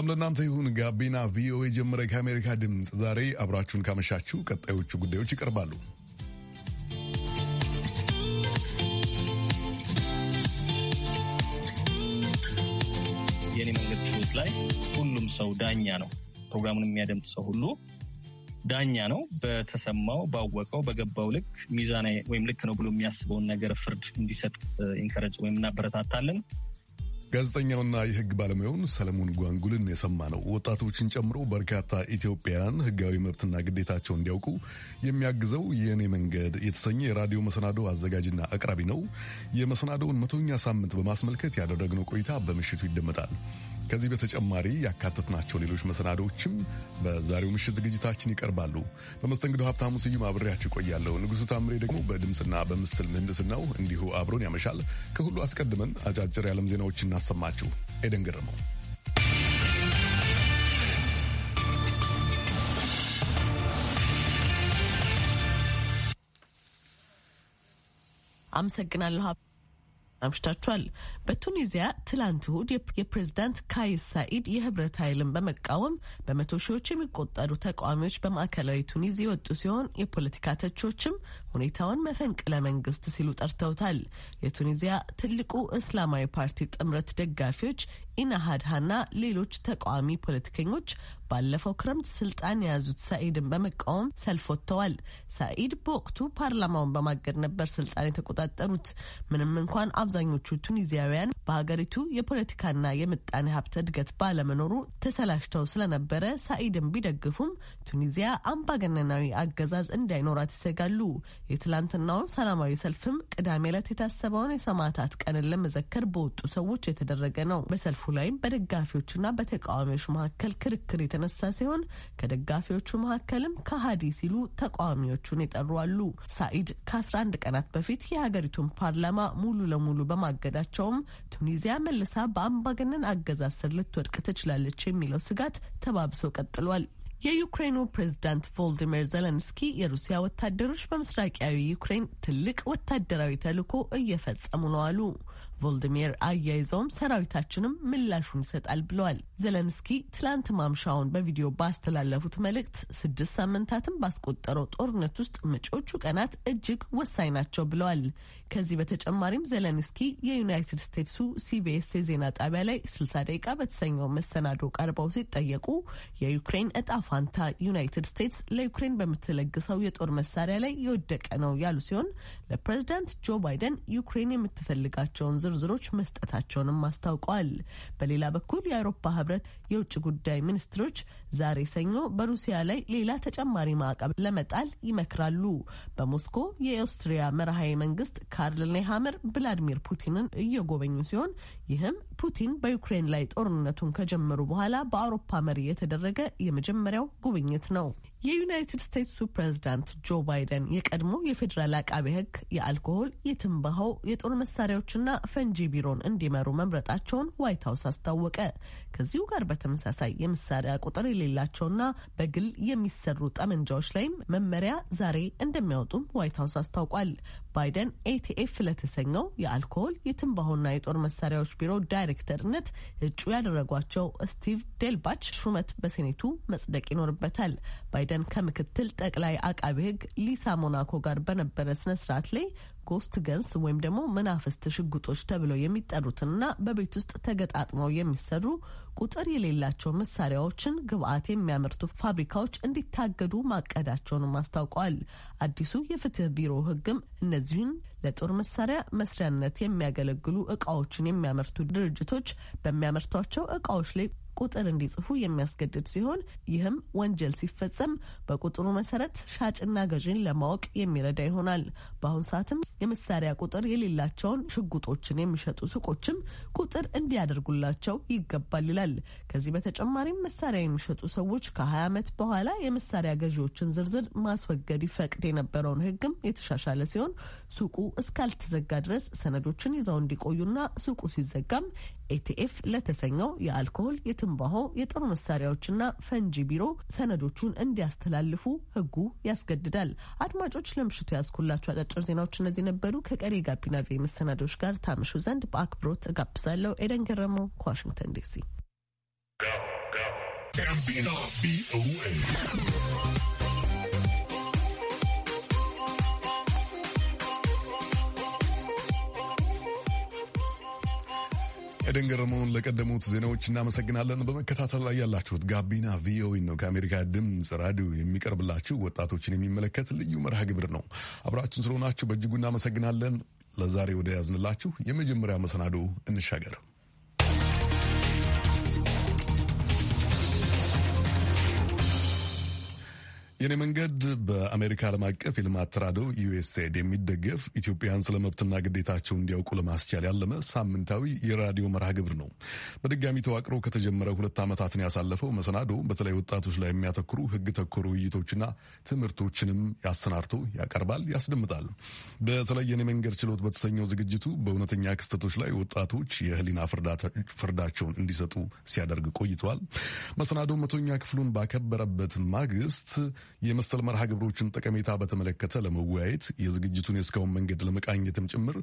ሰላም ለእናንተ ይሁን። ጋቢና ቪኦኤ ጀመረ ከአሜሪካ ድምፅ። ዛሬ አብራችሁን ካመሻችሁ ቀጣዮቹ ጉዳዮች ይቀርባሉ። የኔ መንገድ ችሎት ላይ ሁሉም ሰው ዳኛ ነው። ፕሮግራሙን የሚያደምጥ ሰው ሁሉ ዳኛ ነው። በተሰማው ባወቀው፣ በገባው ልክ ሚዛናዊ ወይም ልክ ነው ብሎ የሚያስበውን ነገር ፍርድ እንዲሰጥ ኢንከረጅ uh, ወይም እናበረታታለን። ጋዜጠኛውና የህግ ባለሙያውን ሰለሞን ጓንጉልን የሰማ ነው። ወጣቶችን ጨምሮ በርካታ ኢትዮጵያውያን ህጋዊ መብትና ግዴታቸው እንዲያውቁ የሚያግዘው የእኔ መንገድ የተሰኘ የራዲዮ መሰናዶ አዘጋጅና አቅራቢ ነው። የመሰናዶውን መቶኛ ሳምንት በማስመልከት ያደረግነው ቆይታ በምሽቱ ይደመጣል። ከዚህ በተጨማሪ ያካተትናቸው ሌሎች መሰናዶዎችም በዛሬው ምሽት ዝግጅታችን ይቀርባሉ። በመስተንግዶ ሀብታሙ ስዩም አብሬያችሁ ይቆያለሁ። ንጉሡ ታምሬ ደግሞ በድምፅና በምስል ምህንድስናው እንዲሁ አብሮን ያመሻል። ከሁሉ አስቀድመን አጫጭር የዓለም ዜናዎችን እናሰማችሁ። ኤደን ገረመው አመሰግናለሁ። አምሽታችኋል። በቱኒዚያ ትላንት እሁድ የፕሬዝዳንት ካይስ ሳኢድ የህብረት ኃይልን በመቃወም በመቶ ሺዎች የሚቆጠሩ ተቃዋሚዎች በማዕከላዊ ቱኒዝ የወጡ ሲሆን የፖለቲካ ተቾችም ሁኔታውን መፈንቅለ መንግስት ሲሉ ጠርተውታል። የቱኒዚያ ትልቁ እስላማዊ ፓርቲ ጥምረት ደጋፊዎች ኢናሃድሃና ሌሎች ተቃዋሚ ፖለቲከኞች ባለፈው ክረምት ስልጣን የያዙት ሳኢድን በመቃወም ሰልፍ ወጥተዋል። ሳኢድ በወቅቱ ፓርላማውን በማገድ ነበር ስልጣን የተቆጣጠሩት። ምንም እንኳን አብዛኞቹ ቱኒዚያውያን በሀገሪቱ የፖለቲካና የምጣኔ ሀብት እድገት ባለመኖሩ ተሰላሽተው ስለነበረ ሳኢድን ቢደግፉም ቱኒዚያ አምባገነናዊ አገዛዝ እንዳይኖራት ይሰጋሉ። የትላንትናውን ሰላማዊ ሰልፍም ቅዳሜ ዕለት የታሰበውን የሰማዕታት ቀንን ለመዘከር በወጡ ሰዎች የተደረገ ነው። በሰልፉ ላይም በደጋፊዎችና በተቃዋሚዎች መካከል ክርክር የተነሳ ሲሆን ከደጋፊዎቹ መካከልም ከሀዲ ሲሉ ተቃዋሚዎቹን የጠሩ አሉ። ሳኢድ ከ11 ቀናት በፊት የሀገሪቱን ፓርላማ ሙሉ ለሙሉ በማገዳቸውም ቱኒዚያ መልሳ በአምባገነን አገዛዝ ስር ልትወድቅ ትችላለች የሚለው ስጋት ተባብሶ ቀጥሏል። የዩክሬኑ ፕሬዝዳንት ቮልዲሚር ዘለንስኪ የሩሲያ ወታደሮች በምስራቃዊ ዩክሬን ትልቅ ወታደራዊ ተልዕኮ እየፈጸሙ ነው አሉ። ቮልዲሚር አያይዘውም ሰራዊታችንም ምላሹን ይሰጣል ብለዋል። ዘለንስኪ ትላንት ማምሻውን በቪዲዮ ባስተላለፉት መልእክት ስድስት ሳምንታትን ባስቆጠረው ጦርነት ውስጥ መጪዎቹ ቀናት እጅግ ወሳኝ ናቸው ብለዋል። ከዚህ በተጨማሪም ዘለንስኪ የዩናይትድ ስቴትሱ ሲቢኤስ የዜና ጣቢያ ላይ 60 ደቂቃ በተሰኘው መሰናዶ ቀርበው ሲጠየቁ የዩክሬን እጣ ፋንታ ዩናይትድ ስቴትስ ለዩክሬን በምትለግሰው የጦር መሳሪያ ላይ የወደቀ ነው ያሉ ሲሆን ለፕሬዚዳንት ጆ ባይደን ዩክሬን የምትፈልጋቸውን ዝርዝሮች መስጠታቸውንም አስታውቋል። በሌላ በኩል የአውሮፓ ህብረት የውጭ ጉዳይ ሚኒስትሮች ዛሬ ሰኞ በሩሲያ ላይ ሌላ ተጨማሪ ማዕቀብ ለመጣል ይመክራሉ። በሞስኮ የኦስትሪያ መርሃዊ መንግስት ካርል ኔሃመር ቭላዲሚር ፑቲንን እየጎበኙ ሲሆን ይህም ፑቲን በዩክሬን ላይ ጦርነቱን ከጀመሩ በኋላ በአውሮፓ መሪ የተደረገ የመጀመሪያው ጉብኝት ነው። የዩናይትድ ስቴትሱ ፕሬዚዳንት ጆ ባይደን የቀድሞ የፌዴራል አቃቤ ሕግ የአልኮሆል፣ የትንባሆ፣ የጦር መሳሪያዎችና ፈንጂ ቢሮን እንዲመሩ መምረጣቸውን ዋይት ሀውስ አስታወቀ። ከዚሁ ጋር በተመሳሳይ የመሳሪያ ቁጥር የሌላቸውና በግል የሚሰሩ ጠመንጃዎች ላይም መመሪያ ዛሬ እንደሚያወጡም ዋይት ሀውስ አስታውቋል። ባይደን ኤቲኤፍ ለተሰኘው የአልኮል የትንባሆና የጦር መሳሪያዎች ቢሮ ዳይሬክተርነት እጩ ያደረጓቸው ስቲቭ ዴልባች ሹመት በሴኔቱ መጽደቅ ይኖርበታል። ባይደን ከምክትል ጠቅላይ አቃቤ ሕግ ሊሳ ሞናኮ ጋር በነበረ ስነስርዓት ላይ ጎስት ገንስ ወይም ደግሞ መናፍስት ሽጉጦች ተብለው የሚጠሩትንና በቤት ውስጥ ተገጣጥመው የሚሰሩ ቁጥር የሌላቸው መሳሪያዎችን ግብአት የሚያመርቱ ፋብሪካዎች እንዲታገዱ ማቀዳቸውንም አስታውቀዋል። አዲሱ የፍትህ ቢሮ ህግም እነዚህን ለጦር መሳሪያ መስሪያነት የሚያገለግሉ እቃዎችን የሚያመርቱ ድርጅቶች በሚያመርቷቸው እቃዎች ላይ ቁጥር እንዲጽፉ የሚያስገድድ ሲሆን ይህም ወንጀል ሲፈጸም በቁጥሩ መሰረት ሻጭና ገዢን ለማወቅ የሚረዳ ይሆናል። በአሁኑ ሰዓትም የመሳሪያ ቁጥር የሌላቸውን ሽጉጦችን የሚሸጡ ሱቆችም ቁጥር እንዲያደርጉላቸው ይገባል ይላል። ከዚህ በተጨማሪም መሳሪያ የሚሸጡ ሰዎች ከ20 ዓመት በኋላ የመሳሪያ ገዢዎችን ዝርዝር ማስወገድ ይፈቅድ የነበረውን ህግም የተሻሻለ ሲሆን ሱቁ እስካልተዘጋ ድረስ ሰነዶችን ይዘው እንዲቆዩና ሱቁ ሲዘጋም ኤቲኤፍ ለተሰኘው የአልኮሆል የትም የትንባሆ የጦር መሳሪያዎችና ፈንጂ ቢሮ ሰነዶቹን እንዲያስተላልፉ ህጉ ያስገድዳል። አድማጮች ለምሽቱ ያስኩላቸው አጫጭር ዜናዎች እነዚህ ነበሩ። ከቀሪ ጋቢና ቪ መሰናዶች ጋር ታምሹ ዘንድ በአክብሮት እጋብዛለሁ። ኤደን ገረመው ከዋሽንግተን ዲሲ ኤደን ገረመውን ለቀደሙት ዜናዎች እናመሰግናለን። በመከታተል ላይ ያላችሁት ጋቢና ቪኦኤ ነው፣ ከአሜሪካ ድምፅ ራዲዮ የሚቀርብላችሁ ወጣቶችን የሚመለከት ልዩ መርሃ ግብር ነው። አብራችሁን ስለሆናችሁ በእጅጉ እናመሰግናለን። ለዛሬ ወደ ያዝንላችሁ የመጀመሪያ መሰናዶ እንሻገር። የኔ መንገድ በአሜሪካ ዓለም አቀፍ የልማት ተራድኦ ዩኤስኤድ የሚደገፍ ኢትዮጵያን ስለ መብትና ግዴታቸው እንዲያውቁ ለማስቻል ያለመ ሳምንታዊ የራዲዮ መርሃ ግብር ነው። በድጋሚ ተዋቅሮ ከተጀመረ ሁለት ዓመታትን ያሳለፈው መሰናዶ በተለይ ወጣቶች ላይ የሚያተኩሩ ህግ ተኮር ውይይቶችና ትምህርቶችንም ያሰናድቶ ያቀርባል፣ ያስደምጣል። በተለይ የኔ መንገድ ችሎት በተሰኘው ዝግጅቱ በእውነተኛ ክስተቶች ላይ ወጣቶች የህሊና ፍርዳቸውን እንዲሰጡ ሲያደርግ ቆይተዋል። መሰናዶ መቶኛ ክፍሉን ባከበረበት ማግስት የመሰል መርሃ ግብሮችን ጠቀሜታ በተመለከተ ለመወያየት የዝግጅቱን የእስካሁን መንገድ ለመቃኘትም ጭምር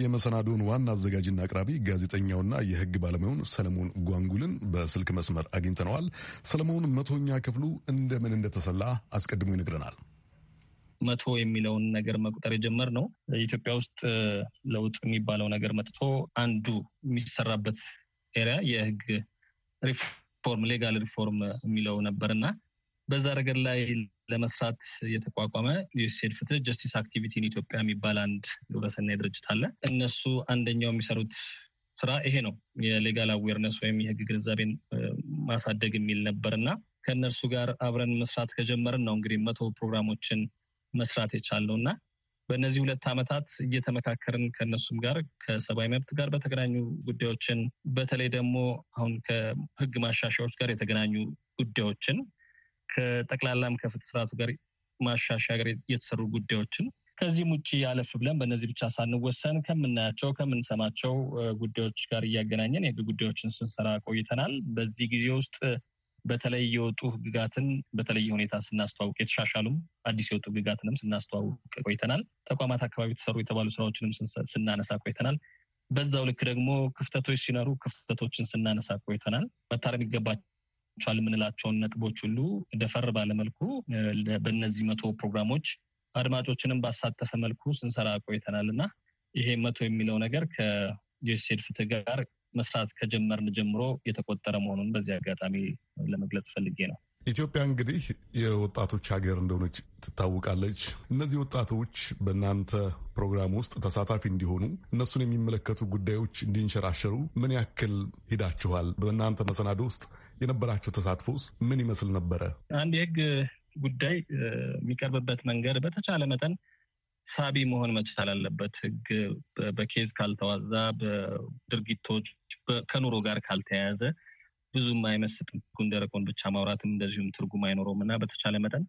የመሰናዶውን ዋና አዘጋጅና አቅራቢ ጋዜጠኛውና የሕግ ባለሙያውን ሰለሞን ጓንጉልን በስልክ መስመር አግኝተነዋል። ሰለሞን መቶኛ ክፍሉ እንደምን እንደተሰላ አስቀድሞ ይነግረናል። መቶ የሚለውን ነገር መቁጠር የጀመር ነው ኢትዮጵያ ውስጥ ለውጥ የሚባለው ነገር መጥቶ አንዱ የሚሰራበት ኤሪያ የህግ ሪፎርም ሌጋል ሪፎርም የሚለው ነበር እና በዛ ረገድ ላይ ለመስራት የተቋቋመ ዩሴድ ፍትህ ጀስቲስ አክቲቪቲን ኢትዮጵያ የሚባል አንድ ግብረሰናይ ድርጅት አለ። እነሱ አንደኛው የሚሰሩት ስራ ይሄ ነው። የሌጋል አዌርነስ ወይም የህግ ግንዛቤን ማሳደግ የሚል ነበር እና ከእነርሱ ጋር አብረን መስራት ከጀመርን ነው እንግዲህ መቶ ፕሮግራሞችን መስራት የቻለው እና በእነዚህ ሁለት ዓመታት እየተመካከርን ከእነሱም ጋር ከሰብአዊ መብት ጋር በተገናኙ ጉዳዮችን በተለይ ደግሞ አሁን ከህግ ማሻሻዎች ጋር የተገናኙ ጉዳዮችን ከጠቅላላም ከፍት ስርዓቱ ጋር ማሻሻገር የተሰሩ ጉዳዮችን ከዚህም ውጭ ያለፍ ብለን በእነዚህ ብቻ ሳንወሰን ከምናያቸው ከምንሰማቸው ጉዳዮች ጋር እያገናኘን የህግ ጉዳዮችን ስንሰራ ቆይተናል። በዚህ ጊዜ ውስጥ በተለይ የወጡ ህግጋትን በተለየ ሁኔታ ስናስተዋውቅ የተሻሻሉም አዲስ የወጡ ህግጋትንም ስናስተዋውቅ ቆይተናል። ተቋማት አካባቢ የተሰሩ የተባሉ ስራዎችንም ስናነሳ ቆይተናል። በዛው ልክ ደግሞ ክፍተቶች ሲኖሩ ክፍተቶችን ስናነሳ ቆይተናል። መታረም ይገባቸው ቻል የምንላቸውን ነጥቦች ሁሉ ደፈር ባለመልኩ በእነዚህ መቶ ፕሮግራሞች አድማጮችንም ባሳተፈ መልኩ ስንሰራ ቆይተናል እና ይሄ መቶ የሚለው ነገር ከዩስሴድ ፍትህ ጋር መስራት ከጀመርን ጀምሮ የተቆጠረ መሆኑን በዚህ አጋጣሚ ለመግለጽ ፈልጌ ነው። ኢትዮጵያ እንግዲህ የወጣቶች ሀገር እንደሆነች ትታወቃለች። እነዚህ ወጣቶች በእናንተ ፕሮግራም ውስጥ ተሳታፊ እንዲሆኑ እነሱን የሚመለከቱ ጉዳዮች እንዲንሸራሸሩ ምን ያክል ሂዳችኋል? በእናንተ መሰናዶ ውስጥ የነበራቸው ተሳትፎስ ምን ይመስል ነበረ? አንድ የህግ ጉዳይ የሚቀርብበት መንገድ በተቻለ መጠን ሳቢ መሆን መቻል አለበት። ህግ በኬዝ ካልተዋዛ፣ በድርጊቶች ከኑሮ ጋር ካልተያያዘ ብዙም አይመስጥም። ጉንደረቆን ብቻ ማውራትም እንደዚሁም ትርጉም አይኖረውም እና በተቻለ መጠን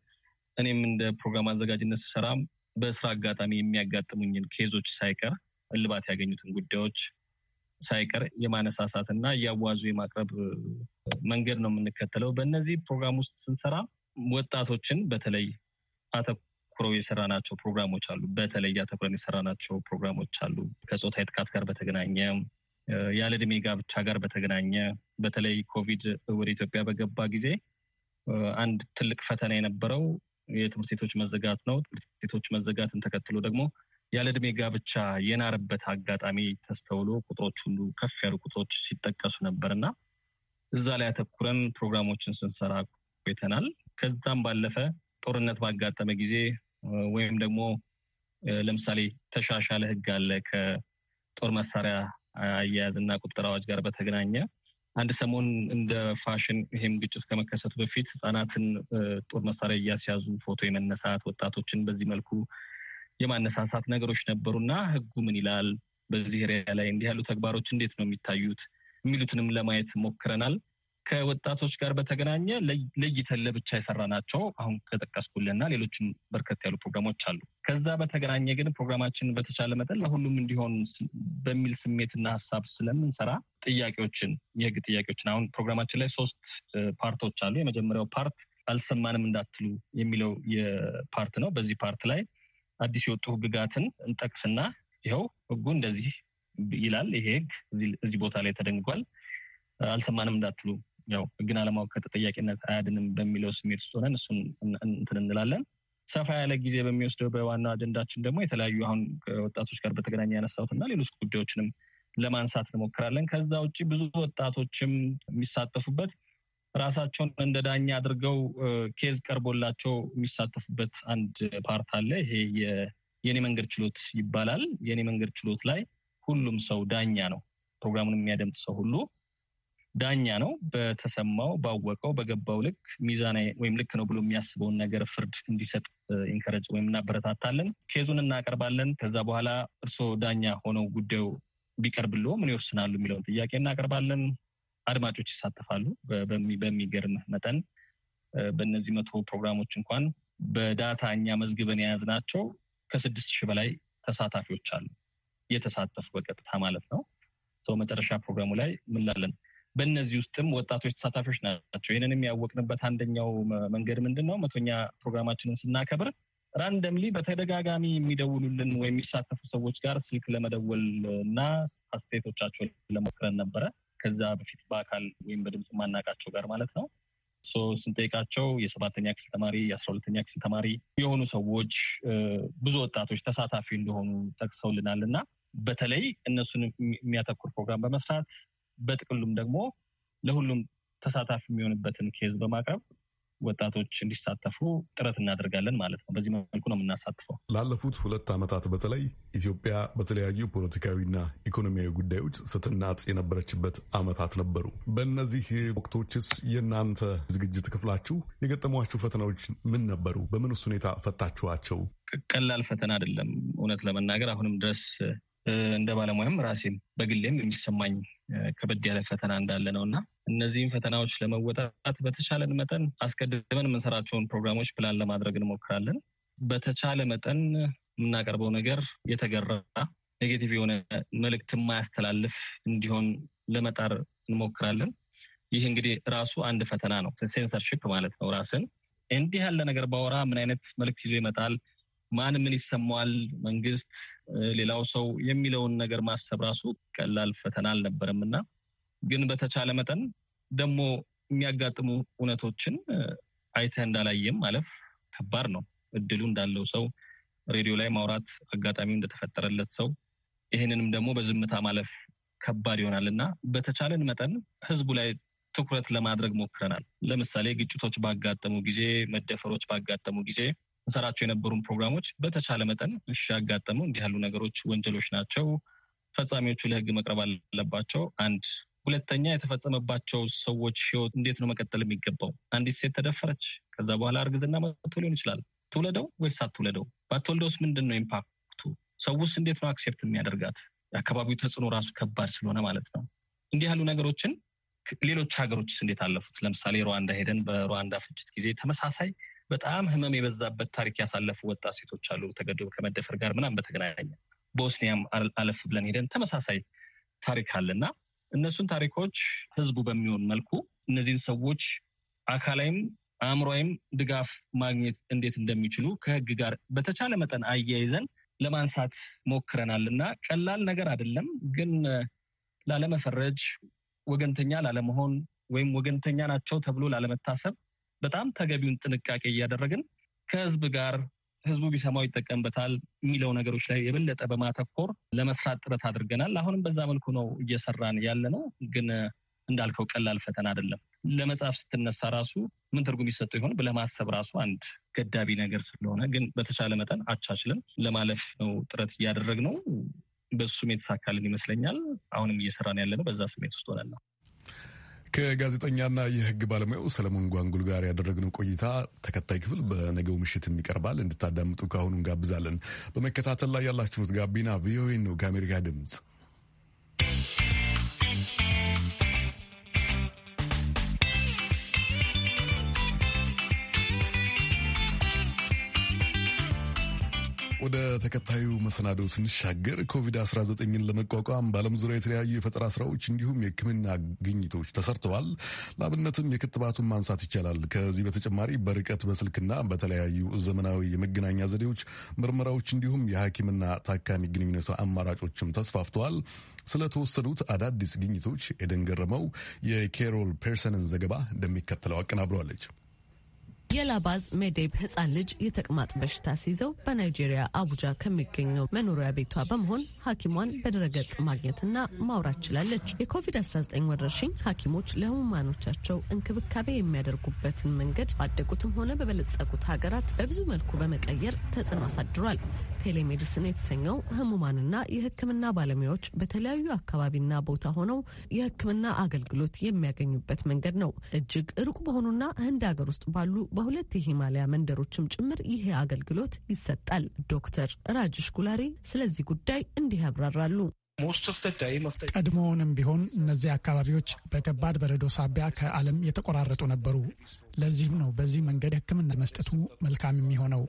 እኔም እንደ ፕሮግራም አዘጋጅነት ስሰራም በስራ አጋጣሚ የሚያጋጥሙኝን ኬዞች ሳይቀር እልባት ያገኙትን ጉዳዮች ሳይቀር የማነሳሳት እና እያዋዙ የማቅረብ መንገድ ነው የምንከተለው። በእነዚህ ፕሮግራም ውስጥ ስንሰራ ወጣቶችን በተለይ አተኩረው የሰራናቸው ፕሮግራሞች አሉ። በተለይ አተኩረን የሰራናቸው ፕሮግራሞች አሉ። ከጾታዊ ጥቃት ጋር በተገናኘ፣ ያለ ዕድሜ ጋብቻ ጋር በተገናኘ በተለይ ኮቪድ ወደ ኢትዮጵያ በገባ ጊዜ አንድ ትልቅ ፈተና የነበረው የትምህርት ቤቶች መዘጋት ነው። ትምህርት ቤቶች መዘጋትን ተከትሎ ደግሞ ያለ ዕድሜ ጋብቻ የናረበት አጋጣሚ ተስተውሎ ቁጥሮች ሁሉ ከፍ ያሉ ቁጥሮች ሲጠቀሱ ነበር እና እዛ ላይ ያተኩረን ፕሮግራሞችን ስንሰራ ቆይተናል። ከዛም ባለፈ ጦርነት ባጋጠመ ጊዜ ወይም ደግሞ ለምሳሌ ተሻሻለ ሕግ አለ ከጦር መሳሪያ አያያዝና ቁጥጥር አዋጅ ጋር በተገናኘ አንድ ሰሞን እንደ ፋሽን ይሄም ግጭት ከመከሰቱ በፊት ሕጻናትን ጦር መሳሪያ እያስያዙ ፎቶ የመነሳት ወጣቶችን በዚህ መልኩ የማነሳሳት ነገሮች ነበሩና ህጉ ምን ይላል፣ በዚህ ሪያ ላይ እንዲህ ያሉ ተግባሮች እንዴት ነው የሚታዩት የሚሉትንም ለማየት ሞክረናል። ከወጣቶች ጋር በተገናኘ ለይተን ለብቻ ናቸው። አሁን ከጠቀስኩልና ሌሎችም በርከት ያሉ ፕሮግራሞች አሉ። ከዛ በተገናኘ ግን ፕሮግራማችን በተቻለ መጠን ለሁሉም እንዲሆን በሚል ስሜትና ሀሳብ ስለምንሰራ ጥያቄዎችን የህግ ጥያቄዎችን አሁን ፕሮግራማችን ላይ ሶስት ፓርቶች አሉ። የመጀመሪያው ፓርት አልሰማንም እንዳትሉ የሚለው የፓርት ነው። በዚህ ፓርት ላይ አዲስ የወጡ ህግጋትን እንጠቅስና ይኸው ህጉ እንደዚህ ይላል፣ ይሄ ህግ እዚህ ቦታ ላይ ተደንግጓል፣ አልሰማንም እንዳትሉ ያው ህግን አለማወቅ ከተጠያቂነት አያድንም በሚለው ስሜት ውስጥ ሆነን እሱን እንትን እንላለን። ሰፋ ያለ ጊዜ በሚወስደው በዋናው አጀንዳችን ደግሞ የተለያዩ አሁን ከወጣቶች ጋር በተገናኘ ያነሳሁትና ሌሎች ጉዳዮችንም ለማንሳት እንሞክራለን። ከዛ ውጭ ብዙ ወጣቶችም የሚሳተፉበት ራሳቸውን እንደ ዳኛ አድርገው ኬዝ ቀርቦላቸው የሚሳተፉበት አንድ ፓርት አለ። ይሄ የኔ መንገድ ችሎት ይባላል። የኔ መንገድ ችሎት ላይ ሁሉም ሰው ዳኛ ነው። ፕሮግራሙን የሚያደምጥ ሰው ሁሉ ዳኛ ነው። በተሰማው፣ ባወቀው፣ በገባው ልክ ሚዛና ወይም ልክ ነው ብሎ የሚያስበውን ነገር ፍርድ እንዲሰጥ ኢንከረጅ ወይም እናበረታታለን። ኬዙን እናቀርባለን። ከዛ በኋላ እርስዎ ዳኛ ሆነው ጉዳዩ ቢቀርብልዎ ምን ይወስናሉ የሚለውን ጥያቄ እናቀርባለን። አድማጮች ይሳተፋሉ በሚገርም መጠን። በእነዚህ መቶ ፕሮግራሞች እንኳን በዳታ እኛ መዝግበን የያዝናቸው ከስድስት ሺህ በላይ ተሳታፊዎች አሉ የተሳተፉ በቀጥታ ማለት ነው። ሰው መጨረሻ ፕሮግራሙ ላይ ምንላለን። በእነዚህ ውስጥም ወጣቶች ተሳታፊዎች ናቸው። ይህንን የሚያወቅንበት አንደኛው መንገድ ምንድን ነው? መቶኛ ፕሮግራማችንን ስናከብር ራንደምሊ በተደጋጋሚ የሚደውሉልን ወይም የሚሳተፉ ሰዎች ጋር ስልክ ለመደወል እና አስተያየቶቻቸውን ለሞክረን ነበረ። ከዛ በፊት በአካል ወይም በድምፅ ማናቃቸው ጋር ማለት ነው። ስንጠይቃቸው የሰባተኛ ክፍል ተማሪ፣ የአስራ ሁለተኛ ክፍል ተማሪ የሆኑ ሰዎች ብዙ ወጣቶች ተሳታፊ እንደሆኑ ጠቅሰውልናል እና በተለይ እነሱን የሚያተኩር ፕሮግራም በመስራት በጥቅሉም ደግሞ ለሁሉም ተሳታፊ የሚሆንበትን ኬዝ በማቅረብ ወጣቶች እንዲሳተፉ ጥረት እናደርጋለን ማለት ነው። በዚህ መልኩ ነው የምናሳትፈው። ላለፉት ሁለት ዓመታት በተለይ ኢትዮጵያ በተለያዩ ፖለቲካዊና ኢኮኖሚያዊ ጉዳዮች ስትናጥ የነበረችበት ዓመታት ነበሩ። በእነዚህ ወቅቶችስ የእናንተ ዝግጅት ክፍላችሁ የገጠሟችሁ ፈተናዎች ምን ነበሩ? በምንስ ሁኔታ ፈታችኋቸው? ቀላል ፈተና አይደለም። እውነት ለመናገር አሁንም ድረስ እንደ ባለሙያም ራሴም በግሌም የሚሰማኝ ከበድ ያለ ፈተና እንዳለ ነው እና እነዚህም ፈተናዎች ለመወጣት በተቻለን መጠን አስቀድመን የምንሰራቸውን ፕሮግራሞች ፕላን ለማድረግ እንሞክራለን። በተቻለ መጠን የምናቀርበው ነገር የተገራ ኔጌቲቭ የሆነ መልእክት የማያስተላልፍ እንዲሆን ለመጣር እንሞክራለን። ይህ እንግዲህ ራሱ አንድ ፈተና ነው፣ ሴንሰርሽፕ ማለት ነው። ራስን እንዲህ ያለ ነገር ባወራ ምን አይነት መልእክት ይዞ ይመጣል ማን ምን ይሰማዋል፣ መንግስት፣ ሌላው ሰው የሚለውን ነገር ማሰብ ራሱ ቀላል ፈተና አልነበረም እና ግን በተቻለ መጠን ደግሞ የሚያጋጥሙ እውነቶችን አይተህ እንዳላየም ማለፍ ከባድ ነው። እድሉ እንዳለው ሰው ሬዲዮ ላይ ማውራት አጋጣሚው እንደተፈጠረለት ሰው ይህንንም ደግሞ በዝምታ ማለፍ ከባድ ይሆናል እና በተቻለን መጠን ህዝቡ ላይ ትኩረት ለማድረግ ሞክረናል። ለምሳሌ ግጭቶች ባጋጠሙ ጊዜ፣ መደፈሮች ባጋጠሙ ጊዜ እንሰራቸው የነበሩን ፕሮግራሞች በተቻለ መጠን እሺ ያጋጠሙ እንዲህ ያሉ ነገሮች ወንጀሎች ናቸው፣ ፈጻሚዎቹ ለህግ መቅረብ አለባቸው። አንድ ሁለተኛ የተፈጸመባቸው ሰዎች ህይወት እንዴት ነው መቀጠል የሚገባው? አንዲት ሴት ተደፈረች፣ ከዛ በኋላ እርግዝና መጥቶ ሊሆን ይችላል። ትውለደው ወይስ አትውለደው? ባትወልደውስ ምንድን ነው ኢምፓክቱ? ሰውስ እንዴት ነው አክሴፕት የሚያደርጋት? የአካባቢው ተጽዕኖ ራሱ ከባድ ስለሆነ ማለት ነው። እንዲህ ያሉ ነገሮችን ሌሎች ሀገሮችስ እንዴት አለፉት? ለምሳሌ ሩዋንዳ ሄደን በሩዋንዳ ፍጅት ጊዜ ተመሳሳይ በጣም ህመም የበዛበት ታሪክ ያሳለፉ ወጣት ሴቶች አሉ። ተገዶ ከመደፈር ጋር ምናምን በተገናኘ ቦስኒያም አለፍ ብለን ሄደን ተመሳሳይ ታሪክ አለና እነሱን ታሪኮች ህዝቡ በሚሆን መልኩ እነዚህን ሰዎች አካላይም አእምሮይም ድጋፍ ማግኘት እንዴት እንደሚችሉ ከህግ ጋር በተቻለ መጠን አያይዘን ለማንሳት ሞክረናል እና ቀላል ነገር አይደለም። ግን ላለመፈረጅ፣ ወገንተኛ ላለመሆን ወይም ወገንተኛ ናቸው ተብሎ ላለመታሰብ በጣም ተገቢውን ጥንቃቄ እያደረግን ከህዝብ ጋር ህዝቡ ቢሰማው ይጠቀምበታል የሚለው ነገሮች ላይ የበለጠ በማተኮር ለመስራት ጥረት አድርገናል። አሁንም በዛ መልኩ ነው እየሰራን ያለ ነው። ግን እንዳልከው ቀላል ፈተና አይደለም። ለመጽሐፍ ስትነሳ ራሱ ምን ትርጉም ይሰጠው ይሆን ብለማሰብ ራሱ አንድ ገዳቢ ነገር ስለሆነ፣ ግን በተቻለ መጠን አቻችለን ለማለፍ ነው ጥረት እያደረግ ነው። በሱም የተሳካልን ይመስለኛል። አሁንም እየሰራን ያለ ነው። በዛ ስሜት ውስጥ ሆነን ነው ከጋዜጠኛና የህግ ባለሙያው ሰለሞን ጓንጉል ጋር ያደረግነው ቆይታ ተከታይ ክፍል በነገው ምሽት ይቀርባል። እንድታዳምጡ ከአሁኑ እንጋብዛለን። በመከታተል ላይ ያላችሁት ጋቢና ቪኦኤ ነው ከአሜሪካ ድምፅ ወደ ተከታዩ መሰናዶ ስንሻገር ኮቪድ-19ን ለመቋቋም በዓለም ዙሪያ የተለያዩ የፈጠራ ስራዎች እንዲሁም የሕክምና ግኝቶች ተሰርተዋል። ላብነትም የክትባቱን ማንሳት ይቻላል። ከዚህ በተጨማሪ በርቀት በስልክና በተለያዩ ዘመናዊ የመገናኛ ዘዴዎች ምርመራዎች እንዲሁም የሐኪምና ታካሚ ግንኙነት አማራጮችም ተስፋፍተዋል። ስለተወሰዱት አዳዲስ ግኝቶች ኤደን ገረመው የኬሮል ፔርሰንን ዘገባ እንደሚከተለው አቀናብሯለች። የላባዝ ሜዴብ ህፃን ልጅ የተቅማጥ በሽታ ሲይዘው በናይጄሪያ አቡጃ ከሚገኘው መኖሪያ ቤቷ በመሆን ሐኪሟን በድረገጽ ማግኘትና ማውራት ችላለች። የኮቪድ-19 ወረርሽኝ ሐኪሞች ለህሙማኖቻቸው እንክብካቤ የሚያደርጉበትን መንገድ ባደጉትም ሆነ በበለጸጉት ሀገራት በብዙ መልኩ በመቀየር ተጽዕኖ አሳድሯል። ቴሌሜዲስን የተሰኘው ህሙማንና የህክምና ባለሙያዎች በተለያዩ አካባቢና ቦታ ሆነው የህክምና አገልግሎት የሚያገኙበት መንገድ ነው። እጅግ ሩቅ በሆኑና ህንድ ሀገር ውስጥ ባሉ በሁለት የሂማሊያ መንደሮችም ጭምር ይሄ አገልግሎት ይሰጣል። ዶክተር ራጅሽ ጉላሪ ስለዚህ ጉዳይ እንዲህ ያብራራሉ። ቀድሞውንም ቢሆን እነዚህ አካባቢዎች በከባድ በረዶ ሳቢያ ከዓለም የተቆራረጡ ነበሩ። ለዚህም ነው በዚህ መንገድ ሕክምና መስጠቱ መልካም የሚሆነው።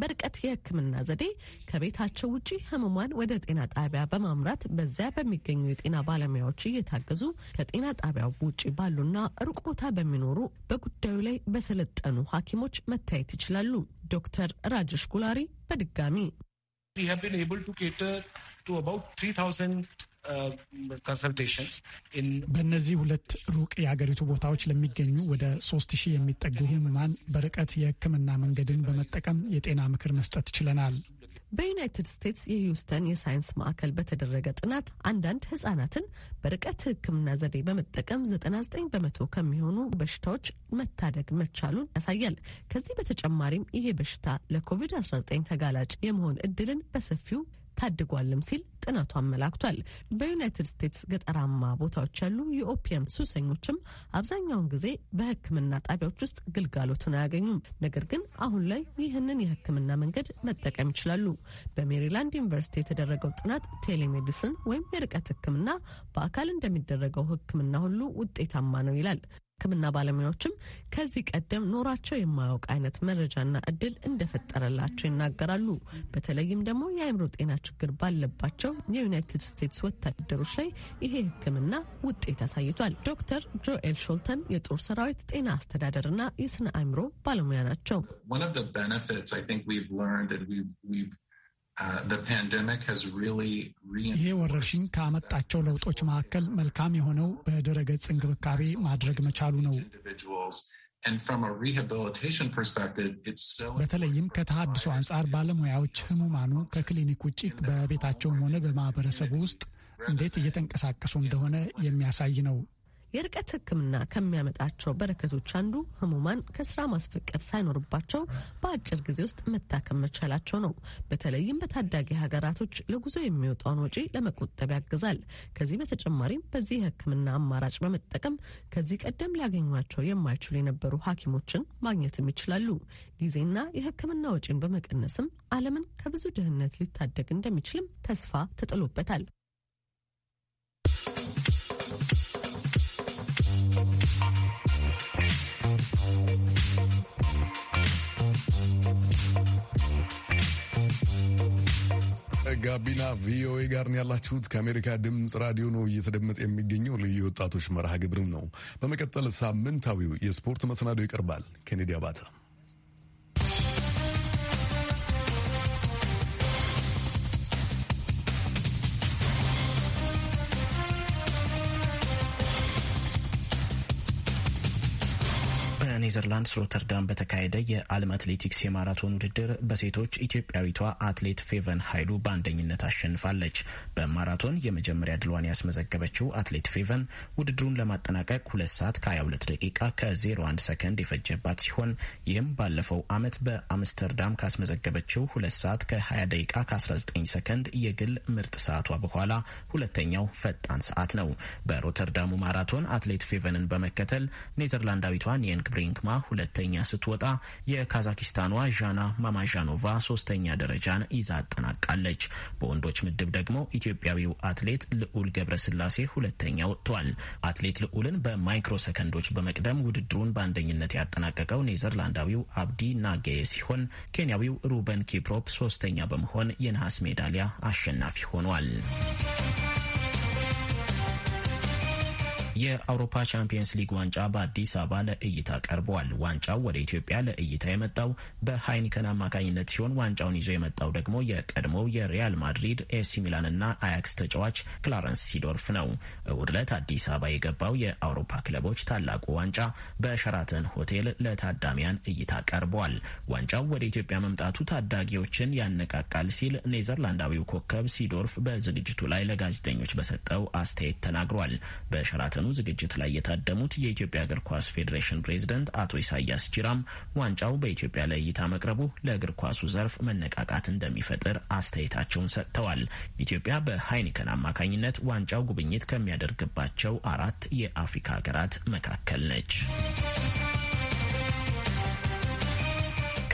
በርቀት የሕክምና ዘዴ ከቤታቸው ውጪ ህሙማን ወደ ጤና ጣቢያ በማምራት በዚያ በሚገኙ የጤና ባለሙያዎች እየታገዙ ከጤና ጣቢያው ውጪ ባሉና ሩቅ ቦታ በሚኖሩ በጉዳዩ ላይ በሰለጠኑ ሐኪሞች መታየት ይችላሉ። ዶክተር ራጀሽ ጉላሪ በድጋሚ Uh, በእነዚህ ሁለት ሩቅ የአገሪቱ ቦታዎች ለሚገኙ ወደ ሶስት ሺህ የሚጠጉ ህሙማን በርቀት የህክምና መንገድን በመጠቀም የጤና ምክር መስጠት ችለናል። በዩናይትድ ስቴትስ የሂውስተን የሳይንስ ማዕከል በተደረገ ጥናት አንዳንድ ህጻናትን በርቀት ህክምና ዘዴ በመጠቀም 99 በመቶ ከሚሆኑ በሽታዎች መታደግ መቻሉን ያሳያል። ከዚህ በተጨማሪም ይሄ በሽታ ለኮቪድ-19 ተጋላጭ የመሆን እድልን በሰፊው ታድጓልም ሲል ጥናቱ አመላክቷል። በዩናይትድ ስቴትስ ገጠራማ ቦታዎች ያሉ የኦፒየም ሱሰኞችም አብዛኛውን ጊዜ በሕክምና ጣቢያዎች ውስጥ ግልጋሎትን አያገኙም። ነገር ግን አሁን ላይ ይህንን የሕክምና መንገድ መጠቀም ይችላሉ። በሜሪላንድ ዩኒቨርሲቲ የተደረገው ጥናት ቴሌሜዲስን ወይም የርቀት ሕክምና በአካል እንደሚደረገው ሕክምና ሁሉ ውጤታማ ነው ይላል። ሕክምና ባለሙያዎችም ከዚህ ቀደም ኖራቸው የማያውቅ አይነት መረጃና እድል እንደፈጠረላቸው ይናገራሉ። በተለይም ደግሞ የአእምሮ ጤና ችግር ባለባቸው የዩናይትድ ስቴትስ ወታደሮች ላይ ይሄ ሕክምና ውጤት አሳይቷል። ዶክተር ጆኤል ሾልተን የጦር ሰራዊት ጤና አስተዳደርና የስነ አእምሮ ባለሙያ ናቸው። Uh, ይሄ ወረርሽኝ ካመጣቸው ለውጦች መካከል መልካም የሆነው በድረገጽ እንክብካቤ ማድረግ መቻሉ ነው። በተለይም ከተሃድሶ አንጻር ባለሙያዎች ህሙማኑ ከክሊኒክ ውጭ በቤታቸውም ሆነ በማህበረሰቡ ውስጥ እንዴት እየተንቀሳቀሱ እንደሆነ የሚያሳይ ነው። የርቀት ሕክምና ከሚያመጣቸው በረከቶች አንዱ ህሙማን ከስራ ማስፈቀድ ሳይኖርባቸው በአጭር ጊዜ ውስጥ መታከም መቻላቸው ነው። በተለይም በታዳጊ ሀገራቶች ለጉዞ የሚወጣውን ወጪ ለመቆጠብ ያግዛል። ከዚህ በተጨማሪም በዚህ የሕክምና አማራጭ በመጠቀም ከዚህ ቀደም ሊያገኟቸው የማይችሉ የነበሩ ሐኪሞችን ማግኘትም ይችላሉ። ጊዜና የሕክምና ወጪን በመቀነስም ዓለምን ከብዙ ድህነት ሊታደግ እንደሚችልም ተስፋ ተጥሎበታል። ከጋቢና ቪኦኤ ጋር ነው ያላችሁት። ከአሜሪካ ድምፅ ራዲዮ ነው እየተደመጠ የሚገኘው ልዩ ወጣቶች መርሃ ግብርም ነው። በመቀጠል ሳምንታዊው የስፖርት መሰናዶ ይቀርባል። ኬኔዲ አባተ በኔዘርላንድስ ሮተርዳም በተካሄደ የዓለም አትሌቲክስ የማራቶን ውድድር በሴቶች ኢትዮጵያዊቷ አትሌት ፌቨን ኃይሉ በአንደኝነት አሸንፋለች። በማራቶን የመጀመሪያ ድሏን ያስመዘገበችው አትሌት ፌቨን ውድድሩን ለማጠናቀቅ ሁለት ሰዓት ከ22 ደቂቃ ከ01 ሰከንድ የፈጀባት ሲሆን ይህም ባለፈው ዓመት በአምስተርዳም ካስመዘገበችው ሁለት ሰዓት ከ20 ደቂቃ ከ19 ሰከንድ የግል ምርጥ ሰዓቷ በኋላ ሁለተኛው ፈጣን ሰዓት ነው። በሮተርዳሙ ማራቶን አትሌት ፌቨንን በመከተል ኔዘርላንዳዊቷን የንግብሪን ዳንክማ ሁለተኛ ስትወጣ የካዛኪስታኗ ዣና ማማዣኖቫ ሶስተኛ ደረጃን ይዛ አጠናቃለች። በወንዶች ምድብ ደግሞ ኢትዮጵያዊው አትሌት ልዑል ገብረስላሴ ሁለተኛ ወጥቷል። አትሌት ልዑልን በማይክሮ ሰከንዶች በመቅደም ውድድሩን በአንደኝነት ያጠናቀቀው ኔዘርላንዳዊው አብዲ ናጌ ሲሆን ኬንያዊው ሩበን ኪፕሮፕ ሶስተኛ በመሆን የነሐስ ሜዳሊያ አሸናፊ ሆኗል። የአውሮፓ ቻምፒየንስ ሊግ ዋንጫ በአዲስ አበባ ለእይታ ቀርቧል። ዋንጫው ወደ ኢትዮጵያ ለእይታ የመጣው በሃይኒከን አማካኝነት ሲሆን ዋንጫውን ይዞ የመጣው ደግሞ የቀድሞው የሪያል ማድሪድ፣ ኤሲ ና አያክስ ተጫዋች ክላረንስ ሲዶርፍ ነው። እሁድ ዕለት አዲስ አበባ የገባው የአውሮፓ ክለቦች ታላቁ ዋንጫ በሸራተን ሆቴል ለታዳሚያን እይታ ቀርቧል። ዋንጫው ወደ ኢትዮጵያ መምጣቱ ታዳጊዎችን ያነቃቃል ሲል ኔዘርላንዳዊው ኮከብ ሲዶርፍ በዝግጅቱ ላይ ለጋዜጠኞች በሰጠው አስተያየት ተናግሯል። በሸራተን በተከናወኑ ዝግጅት ላይ የታደሙት የኢትዮጵያ እግር ኳስ ፌዴሬሽን ፕሬዝደንት አቶ ኢሳያስ ጂራም ዋንጫው በኢትዮጵያ ለእይታ መቅረቡ ለእግር ኳሱ ዘርፍ መነቃቃት እንደሚፈጥር አስተያየታቸውን ሰጥተዋል። ኢትዮጵያ በሃይኒከን አማካኝነት ዋንጫው ጉብኝት ከሚያደርግባቸው አራት የአፍሪካ ሀገራት መካከል ነች።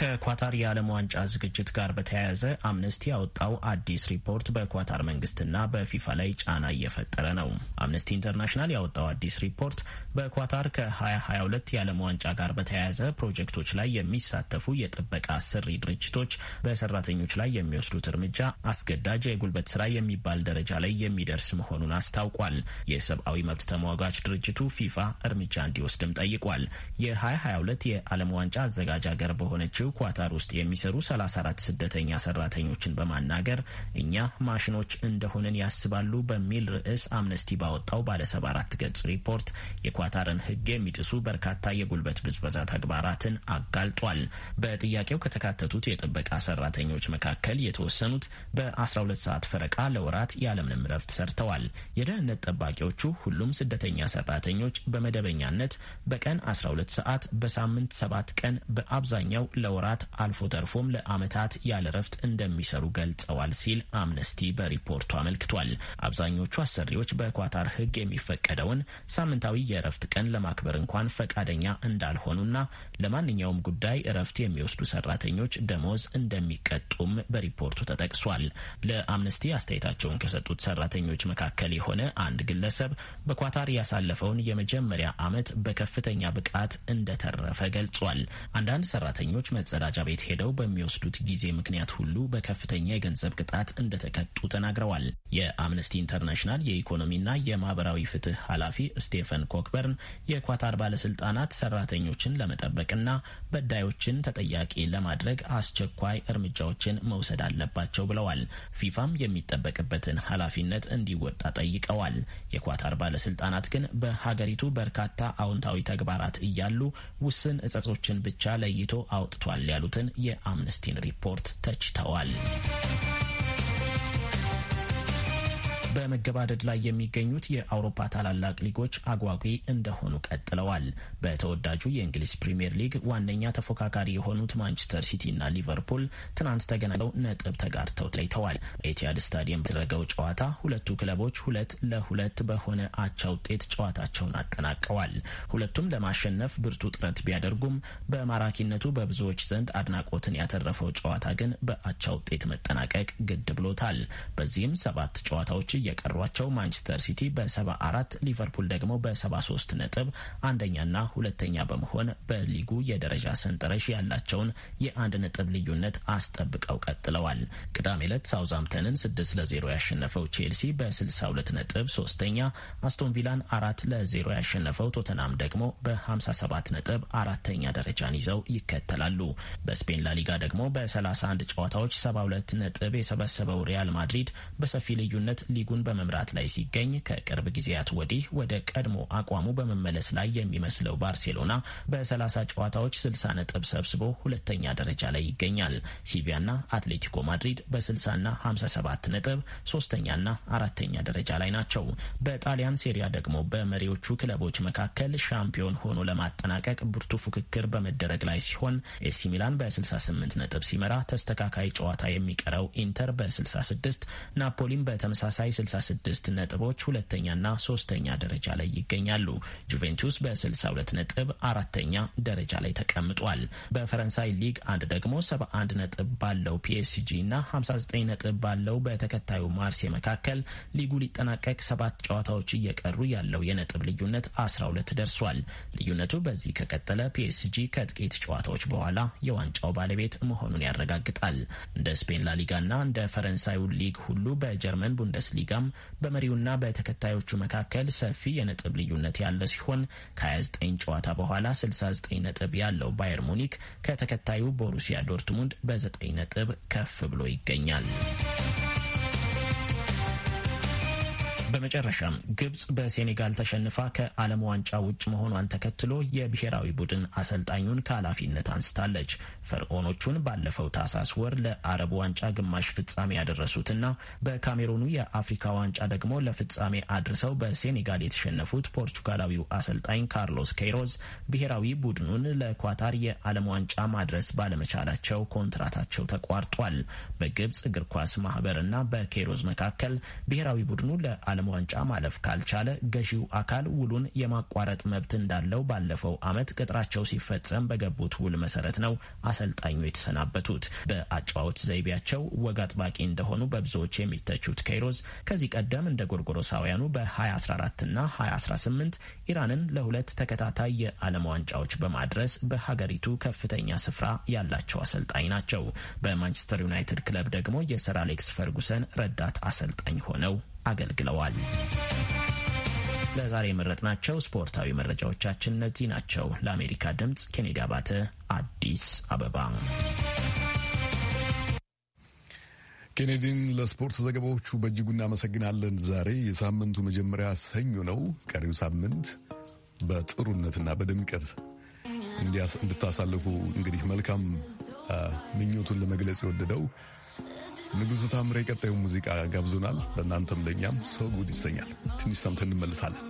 ከኳታር የዓለም ዋንጫ ዝግጅት ጋር በተያያዘ አምነስቲ ያወጣው አዲስ ሪፖርት በኳታር መንግስትና በፊፋ ላይ ጫና እየፈጠረ ነው። አምነስቲ ኢንተርናሽናል ያወጣው አዲስ ሪፖርት በኳታር ከ2022 የዓለም ዋንጫ ጋር በተያያዘ ፕሮጀክቶች ላይ የሚሳተፉ የጥበቃ ስሪ ድርጅቶች በሰራተኞች ላይ የሚወስዱት እርምጃ አስገዳጅ የጉልበት ስራ የሚባል ደረጃ ላይ የሚደርስ መሆኑን አስታውቋል። የሰብአዊ መብት ተሟጋች ድርጅቱ ፊፋ እርምጃ እንዲወስድም ጠይቋል። የ2022 የዓለም ዋንጫ አዘጋጅ ሀገር በሆነችው ኳታር ውስጥ የሚሰሩ 34 ስደተኛ ሰራተኞችን በማናገር እኛ ማሽኖች እንደሆንን ያስባሉ በሚል ርዕስ አምነስቲ ባወጣው ባለ ሰባ አራት ገጽ ሪፖርት የኳታርን ሕግ የሚጥሱ በርካታ የጉልበት ብዝበዛ ተግባራትን አጋልጧል። በጥያቄው ከተካተቱት የጥበቃ ሰራተኞች መካከል የተወሰኑት በ12 ሰዓት ፈረቃ ለወራት ያለምንም ረፍት ሰርተዋል። የደህንነት ጠባቂዎቹ ሁሉም ስደተኛ ሰራተኞች በመደበኛነት በቀን 12 ሰዓት፣ በሳምንት 7 ቀን በአብዛኛው ለወ ለወራት አልፎ ተርፎም ለዓመታት ያለ ረፍት እንደሚሰሩ ገልጸዋል ሲል አምነስቲ በሪፖርቱ አመልክቷል። አብዛኞቹ አሰሪዎች በኳታር ሕግ የሚፈቀደውን ሳምንታዊ የእረፍት ቀን ለማክበር እንኳን ፈቃደኛ እንዳልሆኑና ለማንኛውም ጉዳይ እረፍት የሚወስዱ ሰራተኞች ደሞዝ እንደሚቀጡም በሪፖርቱ ተጠቅሷል። ለአምነስቲ አስተያየታቸውን ከሰጡት ሰራተኞች መካከል የሆነ አንድ ግለሰብ በኳታር ያሳለፈውን የመጀመሪያ ዓመት በከፍተኛ ብቃት እንደተረፈ ገልጿል። አንዳንድ ሰራተኞች መጸዳጃ ቤት ሄደው በሚወስዱት ጊዜ ምክንያት ሁሉ በከፍተኛ የገንዘብ ቅጣት እንደተቀጡ ተናግረዋል። የአምነስቲ ኢንተርናሽናል የኢኮኖሚና የማህበራዊ ፍትህ ኃላፊ ስቴፈን ኮክበርን የኳታር ባለስልጣናት ሰራተኞችን ለመጠበቅና በዳዮችን ተጠያቂ ለማድረግ አስቸኳይ እርምጃዎችን መውሰድ አለባቸው ብለዋል። ፊፋም የሚጠበቅበትን ኃላፊነት እንዲወጣ ጠይቀዋል። የኳታር ባለስልጣናት ግን በሀገሪቱ በርካታ አዎንታዊ ተግባራት እያሉ ውስን እጸጾችን ብቻ ለይቶ አውጥቷል ያሉትን የአምነስቲን ሪፖርት ተችተዋል። በመገባደድ ላይ የሚገኙት የአውሮፓ ታላላቅ ሊጎች አጓጊ እንደሆኑ ቀጥለዋል። በተወዳጁ የእንግሊዝ ፕሪምየር ሊግ ዋነኛ ተፎካካሪ የሆኑት ማንቸስተር ሲቲ እና ሊቨርፑል ትናንት ተገናኝተው ነጥብ ተጋርተው ተለያይተዋል። በኢቲሃድ ስታዲየም በተደረገው ጨዋታ ሁለቱ ክለቦች ሁለት ለሁለት በሆነ አቻ ውጤት ጨዋታቸውን አጠናቀዋል። ሁለቱም ለማሸነፍ ብርቱ ጥረት ቢያደርጉም በማራኪነቱ በብዙዎች ዘንድ አድናቆትን ያተረፈው ጨዋታ ግን በአቻ ውጤት መጠናቀቅ ግድ ብሎታል። በዚህም ሰባት ጨዋታዎች እየቀሯቸው ማንቸስተር ሲቲ በ74 ሊቨርፑል ደግሞ በ73 ነጥብ አንደኛና ሁለተኛ በመሆን በሊጉ የደረጃ ሰንጠረዥ ያላቸውን የአንድ ነጥብ ልዩነት አስጠብቀው ቀጥለዋል። ቅዳሜ ዕለት ሳውዝሃምፕተንን 6 ለ0 ያሸነፈው ቼልሲ በ62 ነጥብ ሶስተኛ፣ አስቶን ቪላን አራት ለ0 ያሸነፈው ቶተናም ደግሞ በ57 ነጥብ አራተኛ ደረጃን ይዘው ይከተላሉ። በስፔን ላሊጋ ደግሞ በ31 ጨዋታዎች 72 ነጥብ የሰበሰበው ሪያል ማድሪድ በሰፊ ልዩነት ሊጉ ሊጉን በመምራት ላይ ሲገኝ ከቅርብ ጊዜያት ወዲህ ወደ ቀድሞ አቋሙ በመመለስ ላይ የሚመስለው ባርሴሎና በ30 ጨዋታዎች 60 ነጥብ ሰብስቦ ሁለተኛ ደረጃ ላይ ይገኛል። ሲቪያና አትሌቲኮ ማድሪድ በ60ና 57 ነጥብ ሶስተኛና አራተኛ ደረጃ ላይ ናቸው። በጣሊያን ሴሪያ ደግሞ በመሪዎቹ ክለቦች መካከል ሻምፒዮን ሆኖ ለማጠናቀቅ ብርቱ ፉክክር በመደረግ ላይ ሲሆን ኤሲ ሚላን በ68 ነጥብ ሲመራ ተስተካካይ ጨዋታ የሚቀረው ኢንተር በ66 ናፖሊም በተመሳሳይ በ66 ነጥቦች ሁለተኛና ሶስተኛ ደረጃ ላይ ይገኛሉ። ጁቬንቱስ በ62 ነጥብ አራተኛ ደረጃ ላይ ተቀምጧል። በፈረንሳይ ሊግ አንድ ደግሞ 71 ነጥብ ባለው ፒኤስጂ እና 59 ነጥብ ባለው በተከታዩ ማርሴ መካከል ሊጉ ሊጠናቀቅ ሰባት ጨዋታዎች እየቀሩ ያለው የነጥብ ልዩነት 12 ደርሷል። ልዩነቱ በዚህ ከቀጠለ ፒኤስጂ ከጥቂት ጨዋታዎች በኋላ የዋንጫው ባለቤት መሆኑን ያረጋግጣል። እንደ ስፔን ላሊጋና እንደ ፈረንሳዩ ሊግ ሁሉ በጀርመን ቡንደስሊግ ጋም በመሪውና በተከታዮቹ መካከል ሰፊ የነጥብ ልዩነት ያለ ሲሆን ከ29 ጨዋታ በኋላ 69 ነጥብ ያለው ባየር ሙኒክ ከተከታዩ ቦሩሲያ ዶርትሙንድ በ9 ነጥብ ከፍ ብሎ ይገኛል። በመጨረሻም ግብጽ በሴኔጋል ተሸንፋ ከዓለም ዋንጫ ውጭ መሆኗን ተከትሎ የብሔራዊ ቡድን አሰልጣኙን ከኃላፊነት አንስታለች። ፈርዖኖቹን ባለፈው ታህሳስ ወር ለአረብ ዋንጫ ግማሽ ፍጻሜ ያደረሱትና በካሜሩኑ የአፍሪካ ዋንጫ ደግሞ ለፍጻሜ አድርሰው በሴኔጋል የተሸነፉት ፖርቹጋላዊው አሰልጣኝ ካርሎስ ኬይሮዝ ብሔራዊ ቡድኑን ለኳታር የዓለም ዋንጫ ማድረስ ባለመቻላቸው ኮንትራታቸው ተቋርጧል። በግብጽ እግር ኳስ ማህበርና በኬይሮዝ መካከል ብሔራዊ ቡድኑ ለ ዓለም ዋንጫ ማለፍ ካልቻለ ገዢው አካል ውሉን የማቋረጥ መብት እንዳለው ባለፈው ዓመት ቅጥራቸው ሲፈጸም በገቡት ውል መሰረት ነው አሰልጣኙ የተሰናበቱት። በአጨዋወት ዘይቤያቸው ወግ አጥባቂ እንደሆኑ በብዙዎች የሚተቹት ኬይሮዝ ከዚህ ቀደም እንደ ጎርጎሮሳውያኑ በ2014 እና 2018 ኢራንን ለሁለት ተከታታይ የዓለም ዋንጫዎች በማድረስ በሀገሪቱ ከፍተኛ ስፍራ ያላቸው አሰልጣኝ ናቸው። በማንቸስተር ዩናይትድ ክለብ ደግሞ የሰር አሌክስ ፈርጉሰን ረዳት አሰልጣኝ ሆነው አገልግለዋል። ለዛሬ የመረጥናቸው ስፖርታዊ መረጃዎቻችን እነዚህ ናቸው። ለአሜሪካ ድምፅ ኬኔዲ አባተ፣ አዲስ አበባ። ኬኔዲን ለስፖርት ዘገባዎቹ በእጅጉ እናመሰግናለን። ዛሬ የሳምንቱ መጀመሪያ ሰኞ ነው። ቀሪው ሳምንት በጥሩነትና በድምቀት እንድታሳልፉ እንግዲህ መልካም ምኞቱን ለመግለጽ የወደደው ንጉሱ ታምሬ ቀጣዩ ሙዚቃ ጋብዞናል። ለእናንተም ለእኛም ሰው ጉድ ይሰኛል። ትንሽ ሰምተን እንመልሳለን።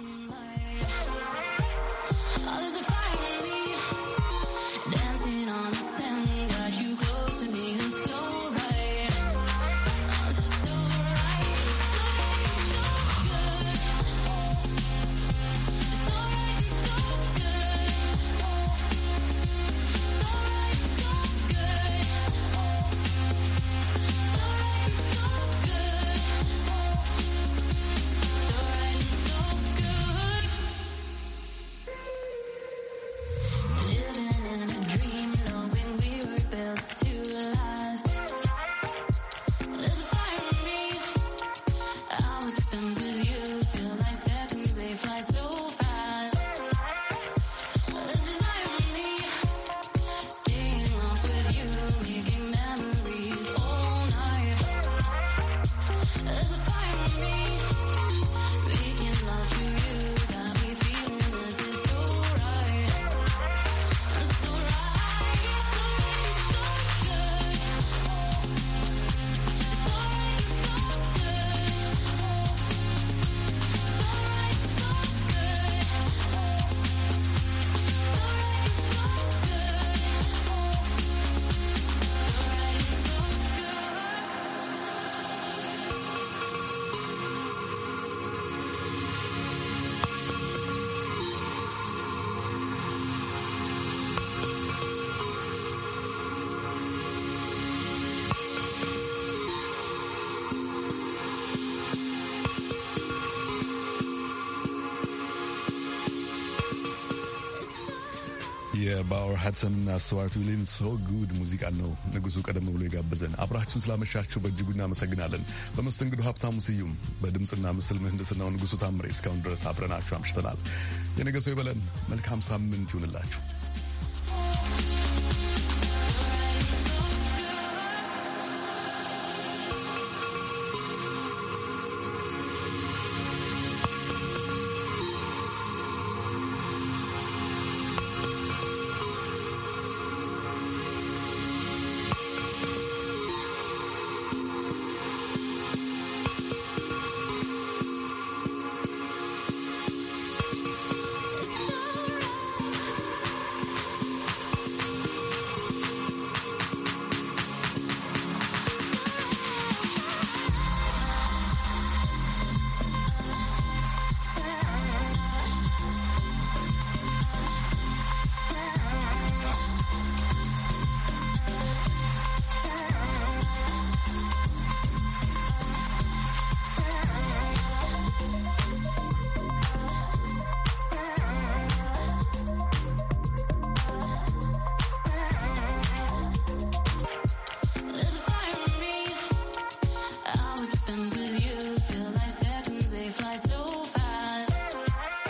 ባወር ሀድሰንና ስዋርት ዊሊን ሶ ጉድ ሙዚቃን ነው ንጉሱ ቀደም ብሎ የጋበዘን። አብራችሁን ስላመሻችሁ በእጅጉ እናመሰግናለን። በመስተንግዶ ሀብታሙ ስዩም፣ በድምፅና ምስል ምህንድስናው ንጉሱ ታምሬ፣ እስካሁን ድረስ አብረናችሁ አምሽተናል። የነገ ሰው ይበለን። መልካም ሳምንት ይሁንላችሁ።